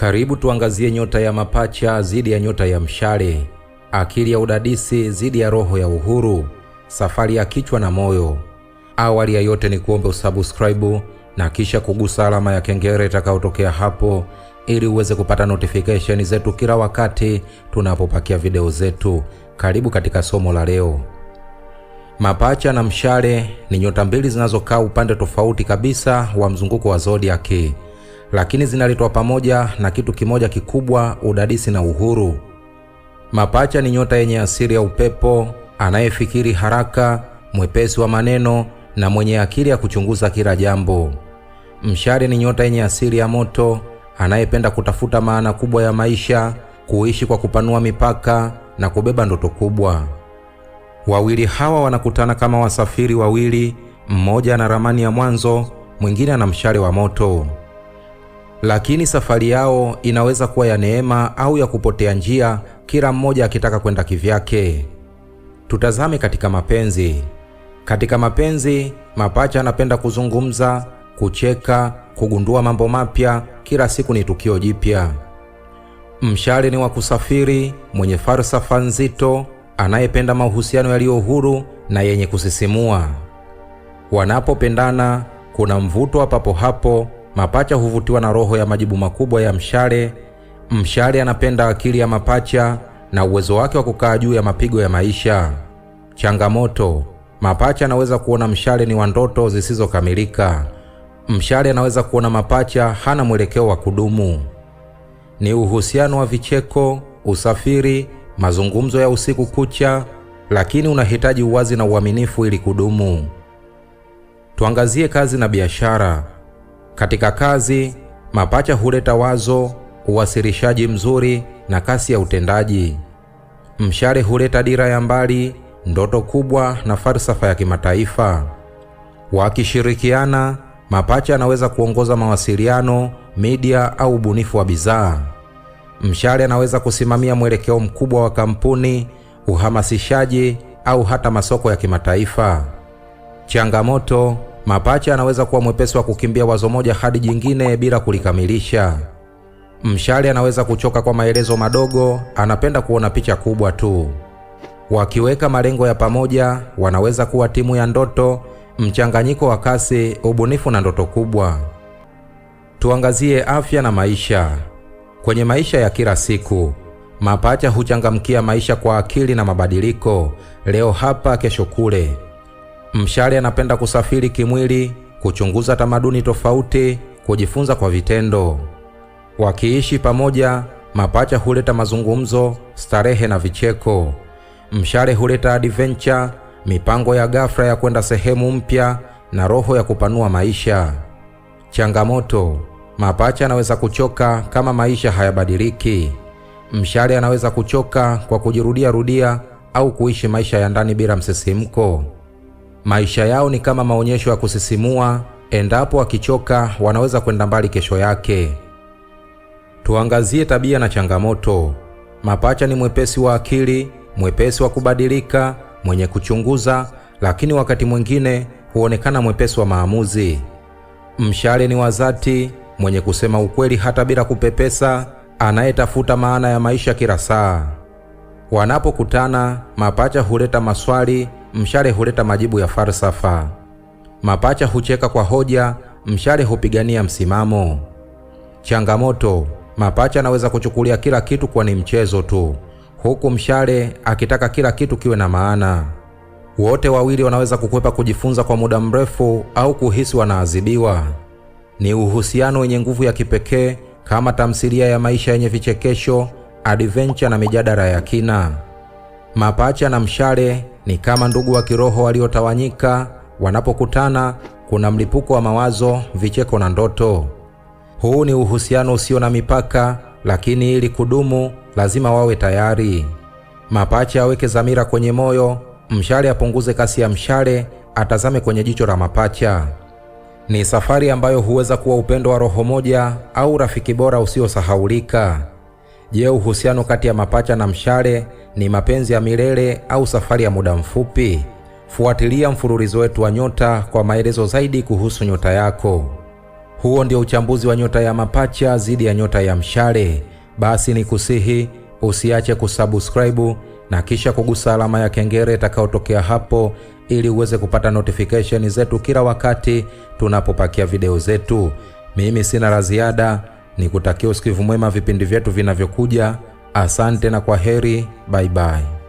Karibu tuangazie nyota ya mapacha zidi ya nyota ya mshale, akili ya udadisi zidi ya roho ya uhuru, safari ya kichwa na moyo. Awali ya yote ni kuombe usubscribe na kisha kugusa alama ya kengele itakayotokea hapo ili uweze kupata notification zetu kila wakati tunapopakia video zetu. Karibu katika somo la leo. Mapacha na mshale ni nyota mbili zinazokaa upande tofauti kabisa wa mzunguko wa zodiaki lakini zinaletwa pamoja na kitu kimoja kikubwa: udadisi na uhuru. Mapacha ni nyota yenye asili ya upepo, anayefikiri haraka, mwepesi wa maneno na mwenye akili ya kuchunguza kila jambo. Mshale ni nyota yenye asili ya moto, anayependa kutafuta maana kubwa ya maisha, kuishi kwa kupanua mipaka na kubeba ndoto kubwa. Wawili hawa wanakutana kama wasafiri wawili, mmoja ana ramani ya mwanzo, mwingine ana mshale wa moto lakini safari yao inaweza kuwa ya neema au ya kupotea njia, kila mmoja akitaka kwenda kivyake. Tutazame katika mapenzi. Katika mapenzi, mapacha anapenda kuzungumza, kucheka, kugundua mambo mapya. Kila siku ni tukio jipya. Mshale ni wa kusafiri, mwenye falsafa nzito, anayependa mahusiano yaliyo huru na yenye kusisimua. Wanapopendana kuna mvuto wa papo hapo Mapacha huvutiwa na roho ya majibu makubwa ya mshale. Mshale anapenda akili ya mapacha na uwezo wake wa kukaa juu ya mapigo ya maisha. Changamoto: mapacha anaweza kuona mshale ni wa ndoto zisizokamilika. Mshale anaweza kuona mapacha hana mwelekeo wa kudumu. Ni uhusiano wa vicheko, usafiri, mazungumzo ya usiku kucha, lakini unahitaji uwazi na uaminifu ili kudumu. Tuangazie kazi na biashara. Katika kazi, mapacha huleta wazo, uwasilishaji mzuri na kasi ya utendaji. Mshale huleta dira ya mbali, ndoto kubwa na falsafa ya kimataifa. Wakishirikiana, mapacha anaweza kuongoza mawasiliano, media au ubunifu wa bidhaa. Mshale anaweza kusimamia mwelekeo mkubwa wa kampuni, uhamasishaji au hata masoko ya kimataifa. Changamoto Mapacha anaweza kuwa mwepesi wa kukimbia wazo moja hadi jingine bila kulikamilisha. Mshale anaweza kuchoka kwa maelezo madogo, anapenda kuona picha kubwa tu. Wakiweka malengo ya pamoja, wanaweza kuwa timu ya ndoto, mchanganyiko wa kasi, ubunifu na ndoto kubwa. Tuangazie afya na maisha. Kwenye maisha ya kila siku, mapacha huchangamkia maisha kwa akili na mabadiliko, leo hapa, kesho kule. Mshale anapenda kusafiri kimwili, kuchunguza tamaduni tofauti, kujifunza kwa vitendo. Wakiishi pamoja, mapacha huleta mazungumzo, starehe na vicheko. Mshale huleta adventure, mipango ya ghafla ya kwenda sehemu mpya na roho ya kupanua maisha. Changamoto: mapacha anaweza kuchoka kama maisha hayabadiliki. Mshale anaweza kuchoka kwa kujirudia rudia au kuishi maisha ya ndani bila msisimko. Maisha yao ni kama maonyesho ya kusisimua, endapo wakichoka wanaweza kwenda mbali kesho yake. Tuangazie tabia na changamoto. Mapacha ni mwepesi wa akili, mwepesi wa kubadilika, mwenye kuchunguza, lakini wakati mwingine huonekana mwepesi wa maamuzi. Mshale ni wazati, mwenye kusema ukweli hata bila kupepesa, anayetafuta maana ya maisha kila saa. Wanapokutana, mapacha huleta maswali mshale huleta majibu ya falsafa. Mapacha hucheka kwa hoja, mshale hupigania msimamo. Changamoto: mapacha anaweza kuchukulia kila kitu kuwa ni mchezo tu, huku mshale akitaka kila kitu kiwe na maana. Wote wawili wanaweza kukwepa kujifunza kwa muda mrefu au kuhisi wanaadhibiwa. Ni uhusiano wenye nguvu ya kipekee, kama tamthilia ya maisha yenye vichekesho, adventure na mijadala ya kina. Mapacha na mshale ni kama ndugu wa kiroho waliotawanyika. Wanapokutana kuna mlipuko wa mawazo, vicheko na ndoto. Huu ni uhusiano usio na mipaka, lakini ili kudumu lazima wawe tayari. Mapacha aweke dhamira kwenye moyo, mshale apunguze kasi ya mshale, atazame kwenye jicho la mapacha. Ni safari ambayo huweza kuwa upendo wa roho moja au rafiki bora usiosahaulika. Je, uhusiano kati ya mapacha na mshale ni mapenzi ya milele au safari ya muda mfupi? Fuatilia mfululizo wetu wa nyota kwa maelezo zaidi kuhusu nyota yako. Huo ndio uchambuzi wa nyota ya mapacha dhidi ya nyota ya mshale. Basi ni kusihi usiache kusubscribe na kisha kugusa alama ya kengele itakayotokea hapo ili uweze kupata notification zetu kila wakati tunapopakia video zetu. Mimi sina la ziada ni kutakia usikivu mwema vipindi vyetu vinavyokuja. Asante na kwa heri, baibai.